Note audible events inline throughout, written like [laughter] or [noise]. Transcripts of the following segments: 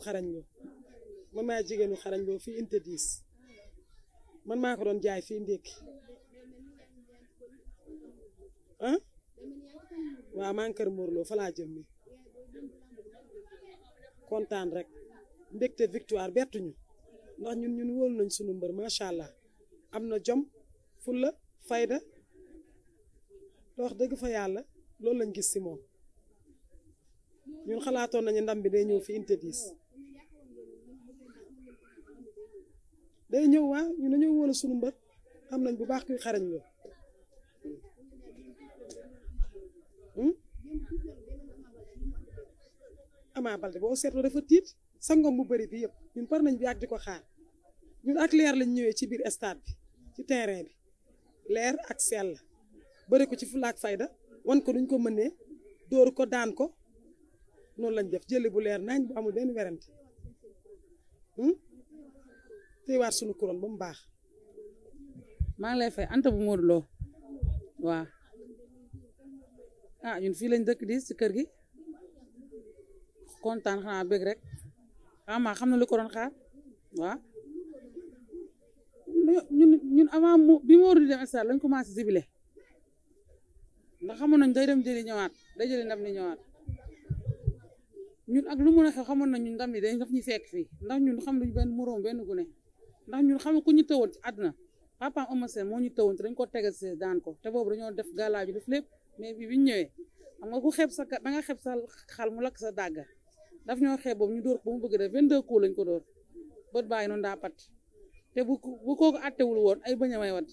bu xarañ loo man maa xarañ loo fii diis man maa ko doon jaay fii ndékki ah waaw maa ngi kër Morlo kontaan rek mbégte victoire bettuñu ndax ñun ñun wóolu nañ sunu mbër macha allah am na jom fulla fayda wax dëgg fa yàlla loolu lañ gis ci moom ñun xalaatoon nañu ndam bi day ñëw fi inte diis day ñëw waa ñu dañoo wóolu sunu mbër xam nañ bu baax kuy xarañ lool hmm? Ama Baldé boo seetloo dafa tiit sa ngom bu bëri bi yëpp ñun par nañ bi ak di ko xaar ñun ak leer lañ ñëwee ci biir stade bi ci terrain bi leer ak sell bëri ko ci fulaak fayda wan ko duñ ko mënee dóor ko daan ko noonu lañ def jëli bu leer nañ bu amul benn werante hmm? téyewaat suñu couronne ba mu baax. maa ngi lay fay Anta bu Modou waa waaw ah ñun fii lañ dëkk di si kër gi kontaan xanaa bëgg rek ah maa xam na lu ko doon xaar waaw ñun ñun avant bi Modou di dem stade lañ commencé jubilé ndax xamoon nañ day dem jëli ñëwaat day jëli ndam li ñëwaat ñun ak lu mun a xew xamoon na ñun ndam li day daf ñu fekk fii ndax ñun xam luñ benn moroom benn gune ndax ñun xam nga ko ñu tëwoon ci àdduna papa Eumeu moo ñu tëwoon te dañ ko tegal si daan ko te boobu dañoo def gàllaaju def lépp mais bi biñ ñëwee am nga ko xeeb sa da nga xeeb sa xal mu lakk sa dàgga daf ñoo xeeb boobu ñu dóor ba mu bëgg def 22 coups lañ ko door bët bàyyi noon daa pat te bu bu kooku àttewul woon ay bañ a may wat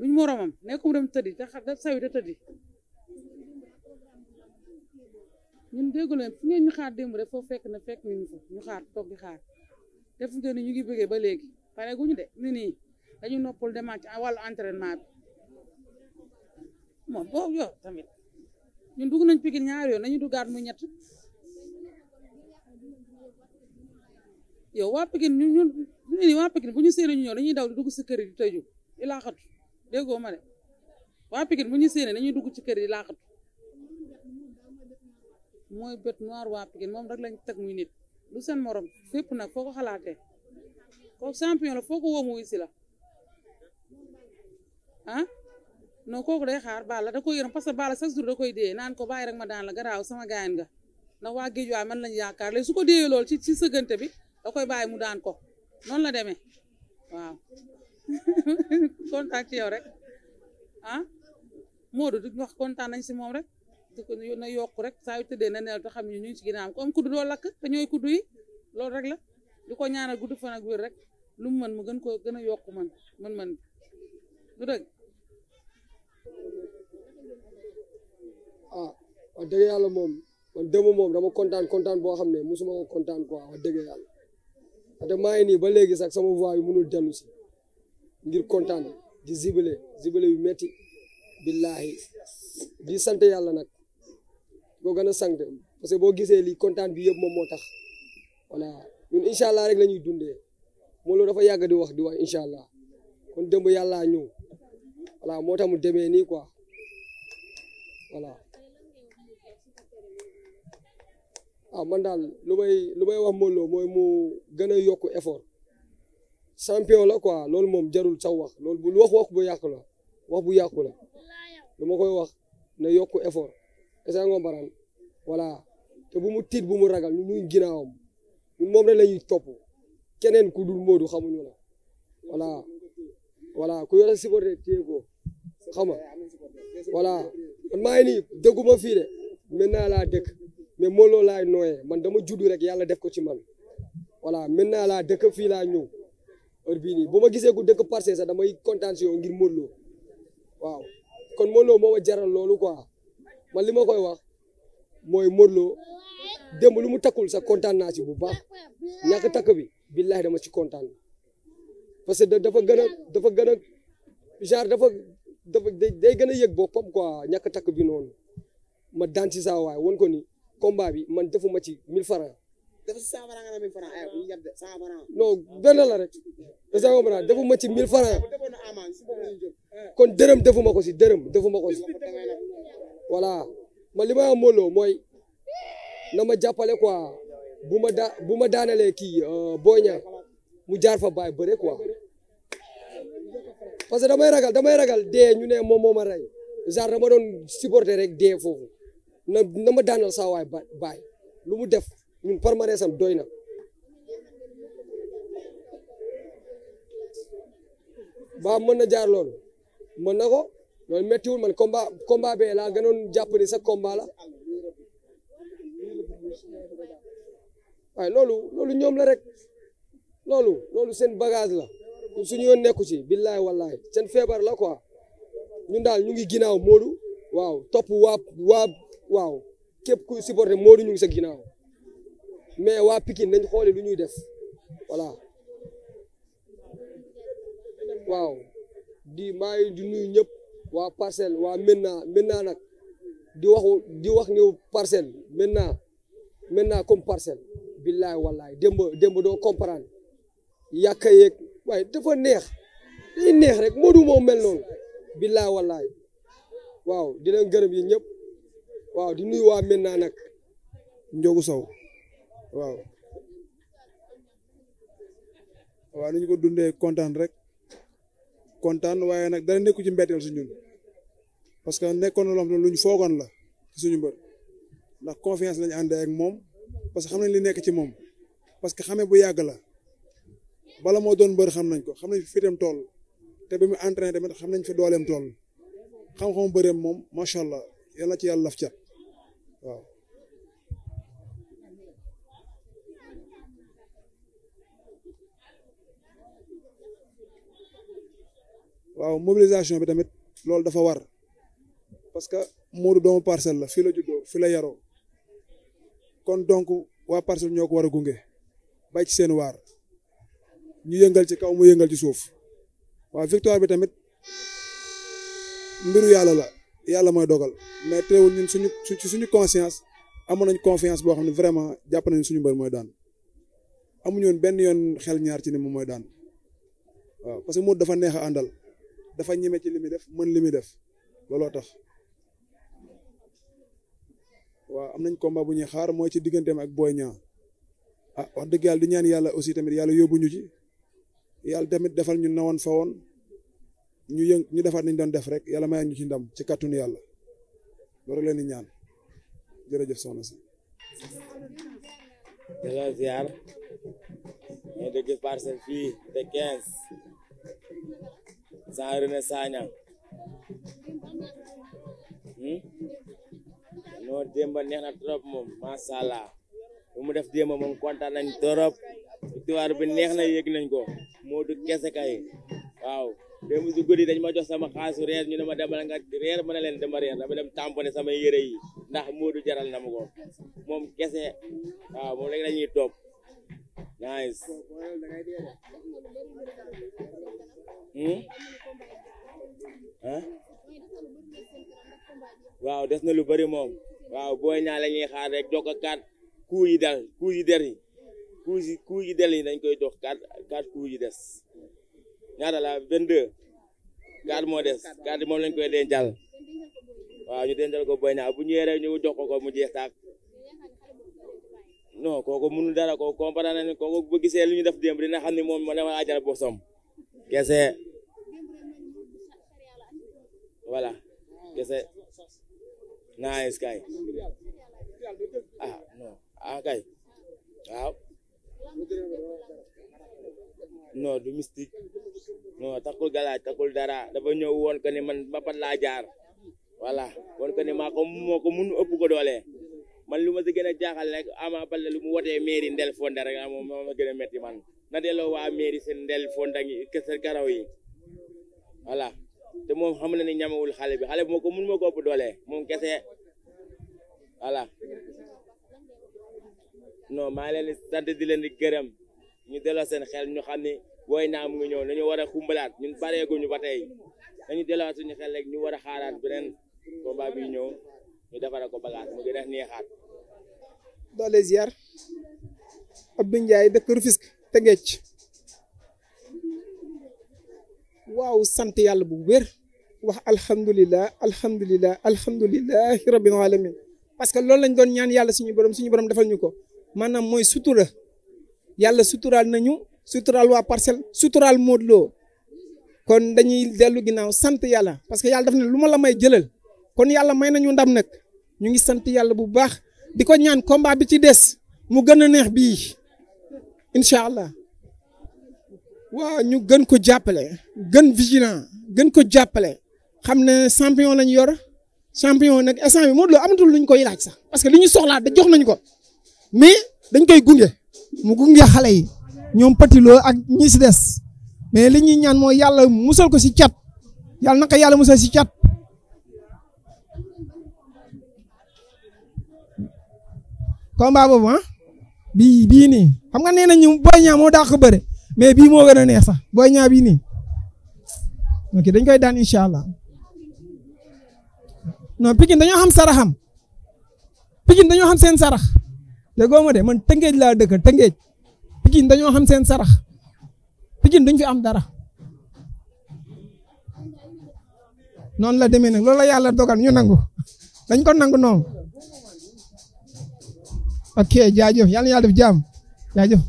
luñ moromam nekk mu dem tëddi te xa da sawi te tëddi ñun leen fu ngeen ñu xaar démb rek foofu fekk na fekk nañu fa ñu xaar toog di xaar te ni ñu ngi bëggee ba léegi pare ñu de ni nii dañu noppal demaat ci wàllu entraînement bi moom boo yor tamit ñun dugg nañ Pikine ñaari yoon nañu gaat mu ñett yow waa Pikine ñu ñun ñu ni waa Pikine bu ñu séenee ñu ñëw dañuy daw di dugg si kër yi di tëju di laaxatu déggoo ma de waa Pikine bu ñu séenee dañuy dugg ci kër yi di laaxatu mooy bët noir waa Pikine moom rek lañ teg muy lu seen morom fépp nag foo ko xalaatee kooku champion foo ko woo mu wisi la ah non kooku day xaar la da ko yërëm parce que Balla chaque jour da koy dee naan ko bàyyi rek ma daan la garaaw sama gaayan nga ndax waa géej waay man lañ yaakaar léegi su ko dee lool ci ci sëggante bi da koy baay mu daan ko noonu la demee waaw [laughs] kontaan ci yow rek ah Modou du wax kontaan nañ si moom rek di ko na yokk rek saa yu dee na neel ta xam ne ñu ngi ci ginnaawam kom kuddu doo lakk te ñooy kuddu yi loolu rek la di ko ñaanal gudd fan ak wér rek lu mu mën gën koo gën a yokk man mën man lu dëgg ah yàlla moom man démb moom dama kontaan kontaan boo xam ne mosuma ko kontaan quoi wax dëgg yàlla te maa ngi nii ba léegi sax sama voix yi mënul dellu si ngir kontaan di sible zibale yu metti billaahi di sant yàlla nag boo gën a sant parce que boo gisee li kontaan bi yëpp moom moo tax voilà ñun incha allah rek la ñuy dundee Modou Lo dafa yàgg di wax di wax incha allah kon démb yàllaa ñëw voilà moo tax mu demee nii quoi voilà. ah man daal lu may lu may wax Modou Lo mooy mu gën a yokk effort champion la quoi loolu moom jarul sax wax loolu bu wax wax bu yàqu la wax bu yàqu la lu ma koy wax na yokk effort. est-ce que comprendre voilà te bu mu tiit bu mu ragal ñu ngi ginnaawam ñun moom rek la ñuy topp keneen ku dul Modou xamuñu la voilà voilà ku yore supporter téye ko xam nga voilà man maa ngi nii dëgguma fii de maintenant laa dëkk mais Modou Lo laay nooyee man dama juddu rek yàlla def ko ci man voilà maintenant laa dëkk fii laa ñëw heure bii nii bu ma gisee ku dëkk Parcelles sax damay kontaan si yow ngir Modou Lo waaw kon Modou Lo a jaral loolu quoi. man li ma koy wax mooy Modou Lo lu mu takkul sax kontaan naa ci bu baax ñàkk takk bi billahi dama ci kontaan parce que dafa gën a dafa gën a genre dafa dafa day gën a yëg boppam quoi ñàkk takk bi noonu ma daan ci saa waay won ko ni combat bi man defuma ci 1000 francs dafa si 100 francs nga ne 1000 francs ay ñu yab de 100 francs non benn la rek est-ce que comprendre kon dërëm defuma ko si dërëm defuma voilà man li may wax mooy na ma jàppale quoi bu ma da bu ma daanalee kii euh, Boy Niang mu jaar fa bàyyi bëre quoi parce que damay ragal damay ragal dee ñu ne moom moo ma rey genre dama doon supporter rek dee foofu na ma daanal saa waay baay lu mu def ñun palmarès am doy na. ba mën na jaar loolu mën na ko. loolu méttiwul man komba combat bee laa gënoon jàpp ni sa combat la waaye loolu loolu ñoom la rek loolu loolu seen bagage la suñu yoon nekku si billaay wallaay seen feebar la quoi ñun daal ñu ngi ginnaaw Modou waaw topp waa waa waaw képp ku supporté ñu ngi sa ginaaw mais waa Pikine nañ xoole lu ñuy def voilà waaw di maa ngi di nuyu ñëpp waa parcelle waa maintenant maintenant nag di waxu di wax ñëw parcelle maintenant maintenant comme parcelle billaay wallaay démb démb doo comprendre yàkka yeeg waaye dafa neex day neex rek Modou moo mel noonu billaay wallaay waaw di leen gërëm yi ñëpp waaw di nuyu waa maintenant nag Njogu Sow waaw waaw ni ñu ko dundee kontaan rek kontaan waaye nag dara nekku ci mbetteel si ñun parce que nekkoon na lu ñu foogoon la ci suñu mbër ndax confiance lañu àndee ak moom parce que xam nañ li nekk ci moom parce que xamee bu yàgg la bala moo doon mbër xam nañ ko xam nañ fi fitam tool te bi mu entraîné tamit xam nañ fi dooleem tool xam-xam bëreem moom macha allah yàlla ci yàlla laf cat waaw. waaw mobilisation bi tamit loolu dafa war parce que Modou doomu parcelle la fii la juddoo fii la yaroo kon donc waa parcelle ñoo ko war a gunge bay ci seen waar ñu yëngal ci kaw mu yëngal ci suuf waaw victoire bi tamit mbiru yàlla la yàlla mooy dogal mais teewul ñun suñu ci suñu conscience amoon nañ confiance boo xam ne vraiment jàpp nañ suñu mbër mooy daan amuñu woon benn yoon xel ñaar ci ne moom mooy daan parce que Modou dafa neex a àndal. dafa ñëmé ci limi def mën limi def lolo tax wa am nañ combat bu ñi xaar moy ci digganteem ak Boy ñaan ah wax deug yalla di ñaan yalla aussi tamit yalla yobu ñu ci yalla tamit defal ñu nawon fawon ñu yëng ñu defal nañ doon def rek yalla may ñu ci ndam ci kàttanu yalla loolu rek leen di ñaan jërëjëf soxna sa dala ziar ñu dëgg parcel fi de 15. Jean René Sagnan hmm? non démba neex trop moom macha allah mu def démba moom kontaan nañ trop victoire bi neex na yëg nañ ko moo du kese kay waaw démb si guddi dañ ma jox sama xaasu reer ñu ne ma demal nga reer ma ne leen dama reer dama dem tamponné sama yére yi ndax moo du jaral na ma ko moom kese waaw moom léegi la ñuy nice hmm waaw des na lu bari moom waaw booy ñaa lañuy xaar rek jox ko kaat kuu yi dal kuu yi der yi kuu yi kuu yi del yi dañ koy jox kaat kaat kuu yi des ñaata la vingt-deux kaat moo des kaat moom lañ koy dencal waaw ñu dencal ko booy ñaa bu ñëwee rek ñu jox ko mu jeex taak non kooku mënu dara kooku comprendre nañu kooku bu gisee lu ñu def ne moom ma dama ajal bosom kese voilà kese nice kay ah non ah kay waaw du mystique non takkul galaaj takkul dara dafa ñëw woon ko man ba pat laa jaar voilà woon ko ni mun ëpp doole man lu ma si gën a jaaxal rek Ama Baldé lu mu wotee mairie Ndel Fonde rek ah moom ma gën a métti man na delloo waa mairie seen Ndel Fonde ngi kese garaw yi voilà te moom xam na ni ñamewul xale bi xale bi moo ko mun ma ko ëpp doole moom kese voilà non maa ngi leen di di leen di gërëm ñu delloo seen xel ñu xam ne wooy naa mu ngi ñëw nañu war a xumbalaat ñun pareeguñu ba tey dañu delloo suñu xel rek ñu war a xaaraat beneen combat bi ñëw ñu defaree ko bagage mu gën a neexaat. doole ziar Abdou Ndiaye dëkk Rufisque Tëngéej waaw sant yàlla bu wér wax alhamdulilah alhamdulilah alhamdulilahi rabbil alamin parce que loolu lañ doon ñaan yàlla suñu borom suñu borom defal ñu ko maanaam mooy sutura yàlla suturaal nañu suturaal waa parcelle suturaal Modou Lo kon dañuy dellu ginnaaw sant yàlla parce que yàlla def ne lu ma la may jëlal kon yàlla may nañu ndam nag. ñu ngi sant yàlla bu baax di ko ñaan combat bi ci des mu gën a neex bii incha allah waaw ñu gën ko jàppale gën vigilant gën ko jàppale xam ne champion lañ yor champion nag instant bi Modou Lo amatul luñ koy laaj sax parce que li ñu soxlaa da jox nañu ko mais dañ koy gunge mu gunge xale yi ñoom Petit Lo ak ñi des mais li ñuy ñaan moo yàlla musal ko si cat yàlla naka yàlla musal si cat. combat bu ah bii bii nii xam nga nee nañu Boy Niang moo dàq bëre mais bii moo gën a neex sax Boy Niang bii nii ok dañ koy daan incha allah non Pikine dañoo xam saraxam Pikine dañoo xam seen sarax te gooma de man tëngeej laa dëkk tëngeej Pikine dañoo xam seen sarax Pikine duñ fi am dara noonu la demee nag loolu la yàlla dogal ñu nangu dañ ko nangu noonu. ok jaajëf yàlla na yàlla def jàmm jaajëf.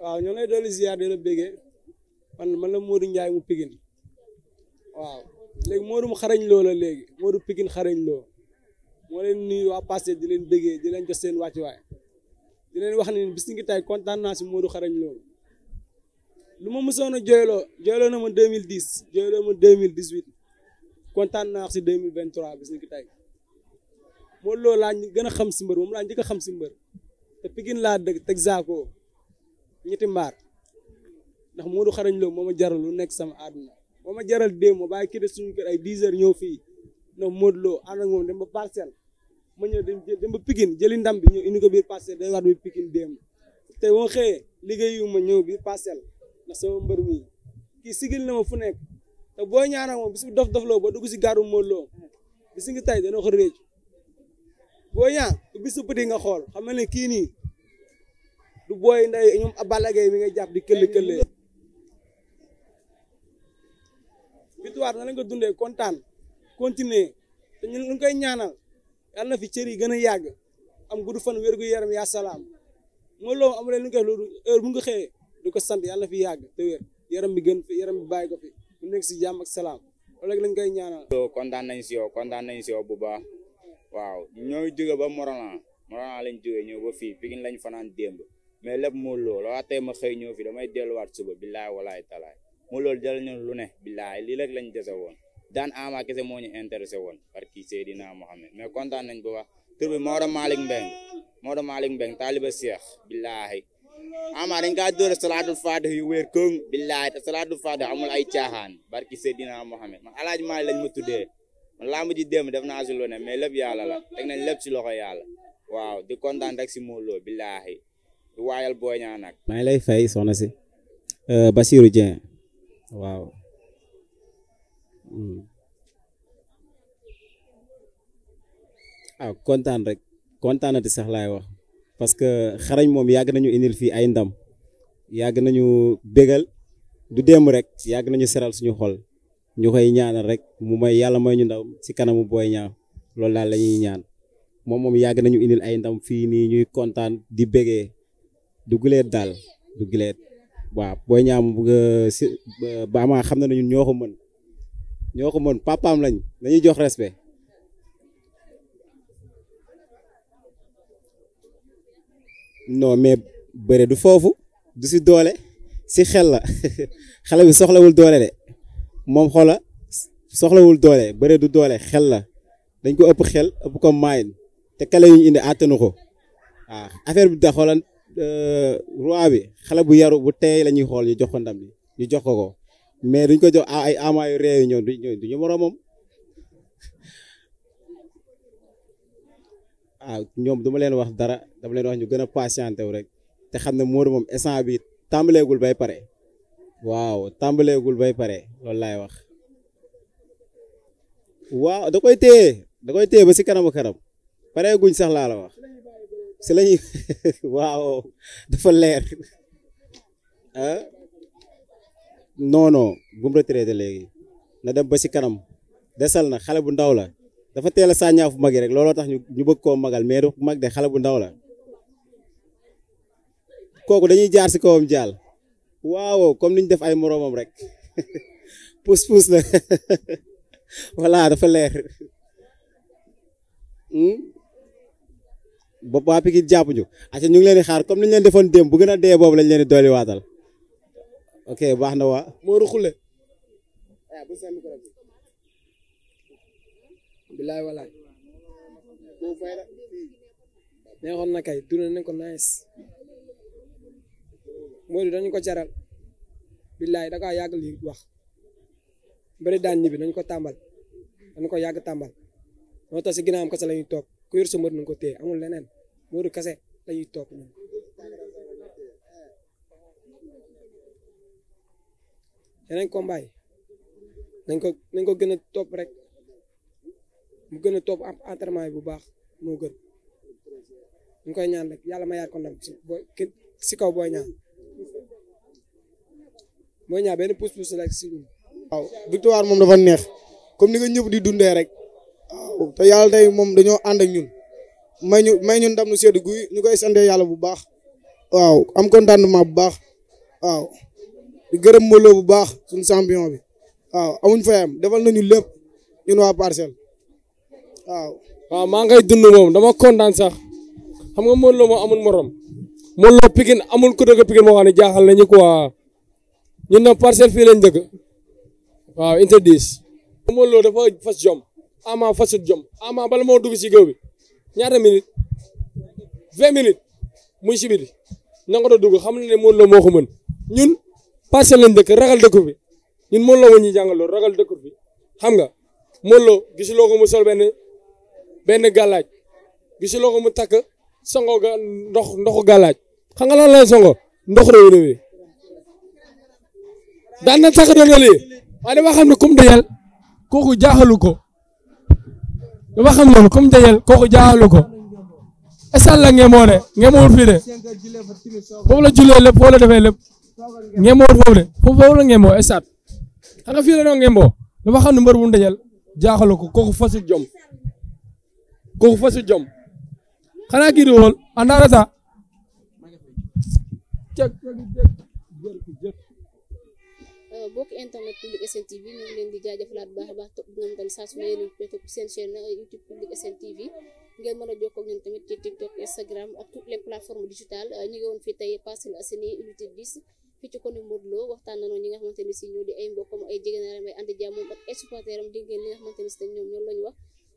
waaw ñoo ngi lay dolli ziar di la béggee man man la Modou Ndiaye mu Pikin waaw léegi Modou mu xarañ loo la léegi Modou Pikin xarañ loo moo leen nuyu waa passé di leen béggee di leen jox seen waay di leen wax ne bis ngi tay kontaan naa si Modou xarañ loo lu ma mësoon a jooyloo jooyloo na ma 2010 jooyloo ma 2018 kontaan naa si 2023 bis ngi tay Modou Lo laa gën a xam si mbër moom laa njëkk xam si mbër te Pikine laa dëgg teg saako ñetti mbaar ndax Modou xarañ Lo moo ma jaral lu nekk sama àdduna moo ma jaral démb ma bàyyi kii suñu kër ay 10 heures ñëw fii ndax Modou Lo ànd ak moom dem ba parcelle ma ñëw de ba Pikine jëli ndam bi ñëw indi ko biir parcelle day war bi Pikine démb te boo xëyee liggéeyu ma ñëw biir parcelle ndax sama mbër mi kii sigil na ma fu nekk te boo ñaanal moom bis bu dof dof loo ba dugg si gaaru moo loo bis ngi tay dana ko réccu Boy Niang du bisu bëdi nga xol xam ne kii nii du boy nday ñum abalage mi nga japp di këll këllee victoire na nga dundé contane continuer te ñu lu koy ñaanal yalla na fi cëri gëna gën am gudu fan wërgu gu yaram yaa salaam mooy loolu amu leen lu ñu koy heure bu nga xé du ko sant yalla na fi yàgg te wër yaram bi gën fi yaram bi bay ko fi mu nekk ci jamm ak salam wala rek lañ koy ñaanal. kontaan nañ nañ bu baax. waaw ñoo jóge ba Morolan Morolan lañ jógee ñëw ba fii Pikine lañ fanaan démb mais lépp moo loolu waaw ma xëy ñëw fii damay delluwaat suba billaay walaay talaay moo loolu jël ñu lu ne billaay lii lañ dese woon daan Ama kese moo ñu intéressé woon par kii Seydina Mohamed mais kontaan nañ bu baax tur bi Maodo Malick Mbengue Maodo Malick Mbengue taaliba Cheikh billaay Ama dañ kaa dóor salaatul faatih yu wéer këng billaay te salaatul faatih amul ay caaxaan barki Seydina Mohamed man alaaj Malick lañ ma tuddee làmb ji dem def naa si ne mais lépp yàlla la teg nañ lépp si loxo yàlla di kontaan rek si Modou Lo billaahi di waayal Boy Niang nag. lay fay soxna si. Euh, Basirou Dieng waaw. Hmm. ah kontaan rek kontaanati sax laay wax parce que xarañ moom yàgg nañu indil fii ay ndam yàgg nañu bégal du démb rek yàgg nañu seral suñu xol. ñu koy ñaanal rek mu may yàlla may ñu ndaw si kanamu Boy Niang loolu daal lañuy ñaan moom moom yàgg nañu indil ay ndam fii nii ñuy kontaan di bégee du guleet daal du guleet waaw Boy Niang si xam na ne ñun ñoo ko mën ñoo ko mën papaam lañ dañuy jox respect. noo mais bëre du foofu du si doole si xel la [laughs] xale soxlawul doole de. moom xoola soxlawul doole bëre doole xel la dañ ko ëpp xel ëpp ko maayin te kale yu ñu indi àttanu ko waaw affaire bi da xoola euh, roi bi xale bu yaru bu teey la ñuy xool ñu jox ko bi ñu jox ko ko mais duñ ko jox ay amaayu réew yi ñëw du ñu moroomam waaw ñoom duma leen wax dara dam leen wax ñu gën a patienté wu rek te xam ne Modou moom instant bi tàmbaleegul bay pare waaw tàmbaleegul bay pare loolu laay wax waaw da koy téye da koy ba si kanam a kanam pareeguñ sax laa la wax si lañuy [laughs] waaw dafa leer [laughs] ah non non bu mu retraité léegi na dem ba si kanam desal na xale bu ndaw la dafa teel a fu mag yi rek looloo tax ñu bëgg koo magal mais du mag de xale bu ndaw la kooku dañuy jaar si kawam jaal waaw comme niñ def ay moroomam rek pousse pousse la voilà dafa leer hmm? bopp waa Pikine jàpp ñu aca ñu ngi leen di xaar comme niñ leen defoon démb bu gën dee boobu lañ leen di dooli waatal ok baax na waa Modou Khoule bilaay kay dund nañ ko nice moodu dañ ko ciaral billahi da ka yag li wax bari dañ ni bi dañ ko tambal dañ ko yag tambal moo tax si ginnaawam kase la ñuy toog ku yor sa mbër ko téye amul lenen moodu kase la ñuy toog ñun yeneen combat yi nañ ko nañ ko gëna top rek mu gëna top topp entraînement bu baax mo gën ñu koy ñaan rek yalla ma yar ko ndam ci booy si kaw boy ñaan mooy ñaar benn pousse-pousse la si ñun. waaw victoire mom dafa neex comme ni nga ñëpp di dun rek waaw te yàlla mom moom dañoo ànd ak ñun may ñu may ñun ndam nu sedd guy ñu koy bah. yàlla bu baax waaw am contentement bu baax waaw di gërëm mbooloo bu baax sun champion bi waaw amuñ fayam defal nañu lépp ñun wa parcelle waaw. waaw maa ngay dund mom dama kontaan sax xam nga mbooloo mo amul morom mulu Pikine amul kudu ke Pikine mo xam jahal jaaxal nañu ñun na parcelle fii lañ dëkk waaw interdit. Modou Lo dafa fas jom Ama fasut jom Ama bala moo dugg si géew bi ñaata minute vingt minutes muy si biir nangu doon dugg xam na ne Modou Lo moo ko mën ñun parcelle lañ ndëkk ragal dëkk bi ñun Modou Lo moo ñuy jàngaloo ragal dëkk bi xam nga Modou Lo gisuloo ko mu sol benn benn gàllaaj gisuloo ko mu takk songo ga ndox ndoxu gàllaaj xam nga lan lay songo ndox réew mi daan na sax doon wala waaye dafa xam ne comme dajal kooku jaaxalu ko dafa xam ne comme dajal kooku jaaxalu ko esal la ngeemoo de ngeemoo fii de foofu la jullee lépp foofu la defee lépp ngeemoo foofu de foofu la ngeemoo esat xam nga fii la doon ngeemoo dafa xam ne mbër bu dajal ko kooku fasu jom kooku fasu jom xanaa kii Euh, bokk internet Public SN TV ñu ngi leen di jaajëfalaat baax a baax topp ñoom tam a topp seen chaîne euh, YouTube Public SN TV ngeen mën a jokkoo ak ñun tamit ci TikTok Instagram ak toutes les plateformes digitales euh, ñu nga xamante ni si ñoo di ay mbokkam ay ay ànd jàmm ak ay supporter am di ngeen li nga xamante ni si ñoom ñoom la ñu wax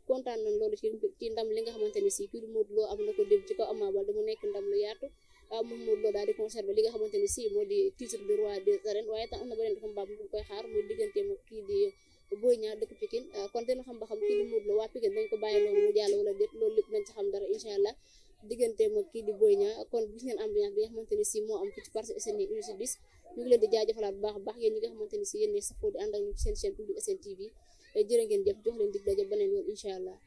kontaan nañ loolu ci ndam li nga xamante ni si kii di Modou Lo am na ko dem ci kaw Ama Baldé mu nekk yaatu moom Modou Lo daal di conservé li nga xamante si moo di titre de roi des arènes waaye tam am na beneen combat bu koy xaar muy diggante kii di Boy Niang dëkk Pikine ah, kon dina xam ba xam kii di Modou Lo waa Pikine dañ ko mu jàll wala loolu lépp nañ ci xam dara incha allah diggante ma kii di Boy Niang kon gis si am fii ci Parcelles Assainies unité ñu leen di jaajëfalaat bu baax a baax yéen ñi nga xamante ni si yéen ñi safoo di ànd ak ñu ci seen TV eh, jërë ngeen jox leen dig daje beneen yoon incha allah